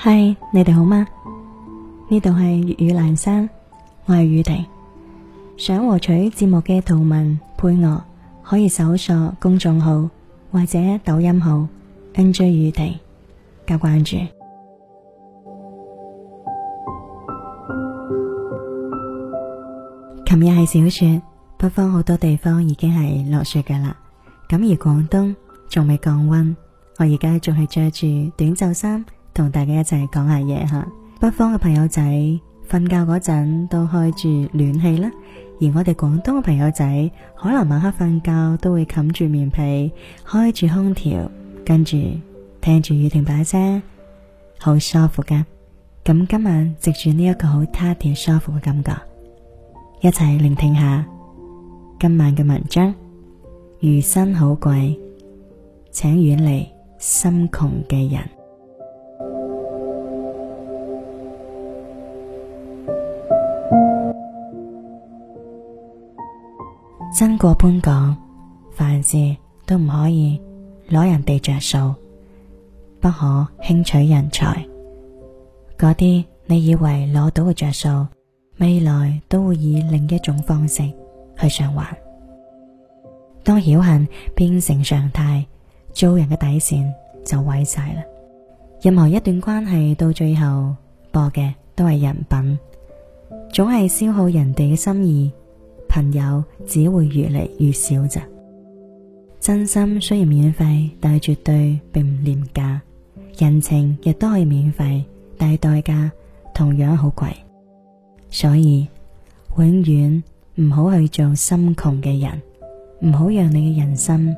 嗨，Hi, 你哋好嗎？呢度係粵語蘭山，我係雨婷。想獲取節目嘅圖文配樂，可以搜索公眾號或者抖音號 NJ 雨婷加關注。琴日係小雪，北方好多地方已經係落雪噶啦。咁而廣東仲未降溫，我而家仲係着住短袖衫。同大家一齊講下嘢吓，北方嘅朋友仔瞓覺嗰陣都開住暖氣啦，而我哋廣東嘅朋友仔可能晚黑瞓覺都會冚住棉被，開住空調，跟住聽住雨停把聲，好舒服噶。咁今晚藉住呢一個好 t a r 塌掉舒服嘅感覺，一齊聆聽下今晚嘅文章。餘生好貴，請遠離心窮嘅人。真過般講，凡事都唔可以攞人哋着數，不可輕取人財。嗰啲你以為攞到嘅着數，未來都會以另一種方式去償還。當僥幸變成常態，做人嘅底線就毀晒啦。任何一段關係到最後搏嘅都係人品，總係消耗人哋嘅心意。朋友只會越嚟越少咋，真心雖然免費，但係絕對並唔廉價。人情亦都可以免費，但係代價同樣好貴。所以永遠唔好去做心窮嘅人，唔好讓你嘅人生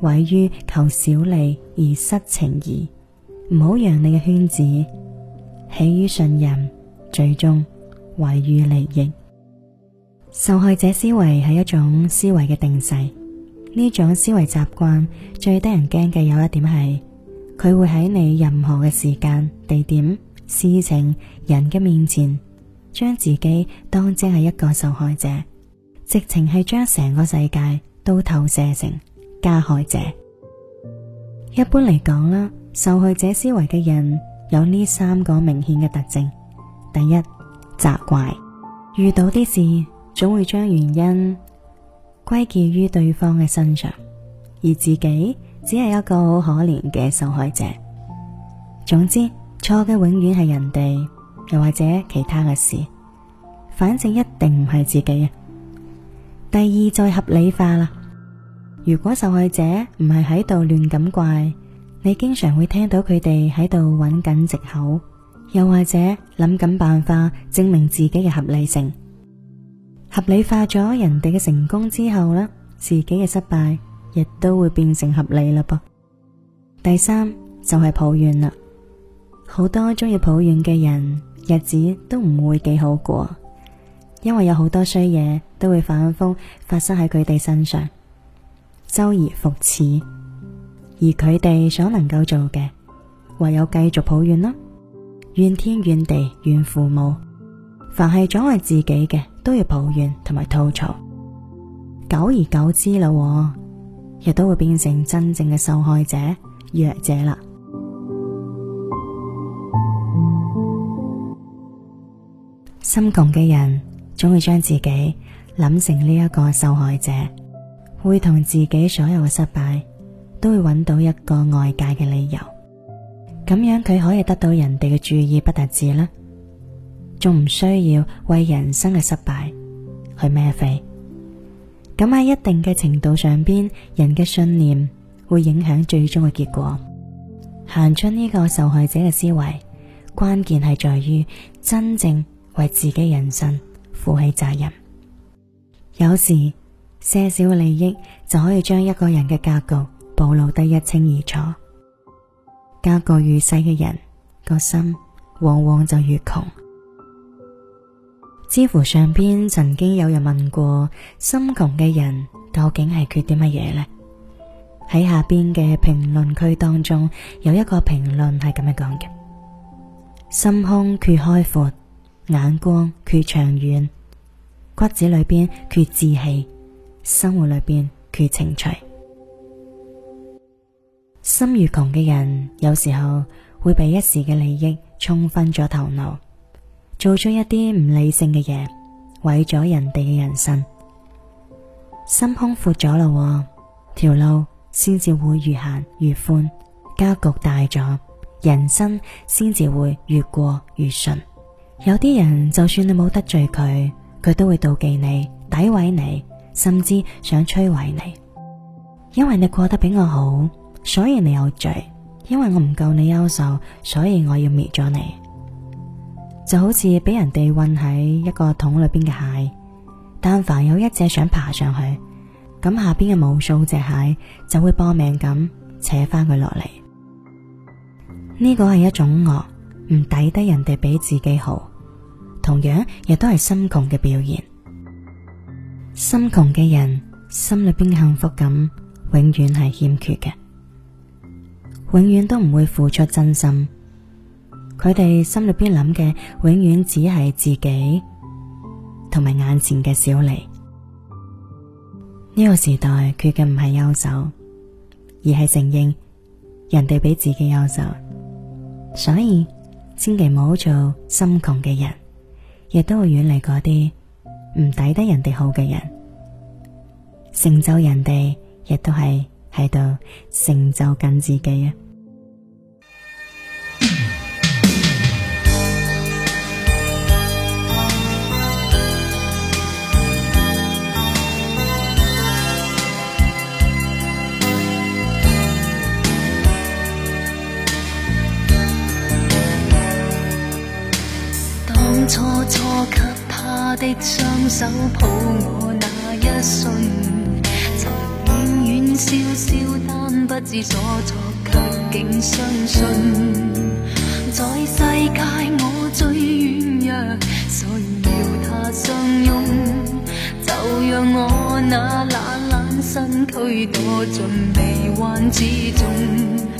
毀於求小利而失情義，唔好讓你嘅圈子起於信任，最終毀於利益。受害者思維係一種思維嘅定勢，呢種思維習慣最得人驚嘅有一點係，佢會喺你任何嘅時間、地點、事情、人嘅面前，將自己當正係一個受害者，直情係將成個世界都投射成加害者。一般嚟講啦，受害者思維嘅人有呢三個明顯嘅特徵：第一，責怪遇到啲事。總會將原因歸結於對方嘅身上，而自己只係一個好可憐嘅受害者。總之，錯嘅永遠係人哋，又或者其他嘅事，反正一定唔係自己啊。第二，再合理化啦。如果受害者唔係喺度亂咁怪，你經常會聽到佢哋喺度揾緊藉口，又或者諗緊辦法證明自己嘅合理性。合理化咗人哋嘅成功之後呢，自己嘅失敗亦都會變成合理啦噃。第三就係、是、抱怨啦，好多中意抱怨嘅人，日子都唔會幾好過，因為有好多衰嘢都會反覆發生喺佢哋身上，周而復始，而佢哋所能夠做嘅，唯有繼續抱怨啦，怨天怨地怨父母。凡係阻礙自己嘅，都要抱怨同埋吐槽。久而久之啦，亦都會變成真正嘅受害者、弱者啦。 心窮嘅人，總會將自己諗成呢一個受害者，會同自己所有嘅失敗，都會揾到一個外界嘅理由，咁樣佢可以得到人哋嘅注意，不，不特止啦。仲唔需要為人生嘅失敗去孭飛？咁喺一定嘅程度上邊，人嘅信念會影響最終嘅結果。行出呢個受害者嘅思維，關鍵係在於真正為自己人生負起責任。有時些少嘅利益就可以將一個人嘅格局暴露得一清二楚。格局越細嘅人，個心往往就越窮。知乎上邊曾經有人問過：心窮嘅人究竟係缺啲乜嘢呢？喺下邊嘅評論區當中有一個評論係咁樣講嘅：心胸缺開闊，眼光缺長遠，骨子裏邊缺志氣，生活裏邊缺情趣。心愈窮嘅人，有時候會被一時嘅利益沖昏咗頭腦。做咗一啲唔理性嘅嘢，毀咗人哋嘅人生，心胸闊咗咯，條路先至會越行越寬，格局大咗，人生先至會越過越順。有啲人就算你冇得罪佢，佢都會妒忌你、詆毀你，甚至想摧毀你。因為你過得比我好，所以你有罪；因為我唔夠你優秀，所以我要滅咗你。就好似俾人哋困喺一個桶裏邊嘅蟹，但凡有一隻想爬上去，咁下邊嘅無數隻蟹就會搏命咁扯翻佢落嚟。呢個係一種惡，唔抵得人哋比自己好，同樣亦都係心窮嘅表現。心窮嘅人，心裏邊嘅幸福感永遠係欠缺嘅，永遠都唔會付出真心。佢哋心裏邊諗嘅永遠只係自己，同埋眼前嘅小麗。呢個時代缺嘅唔係優秀，而係承認人哋比自己優秀。所以，千祈唔好做心窮嘅人，亦都會遠離嗰啲唔抵得人哋好嘅人。成就人哋，亦都係喺度成就緊自己啊！我給他的雙手抱我那一瞬，曾遠遠笑笑，但不知所措，卻竟相信，在世界我最軟弱，所以要他相擁。就讓我那懶懶身軀躲進臂彎之中。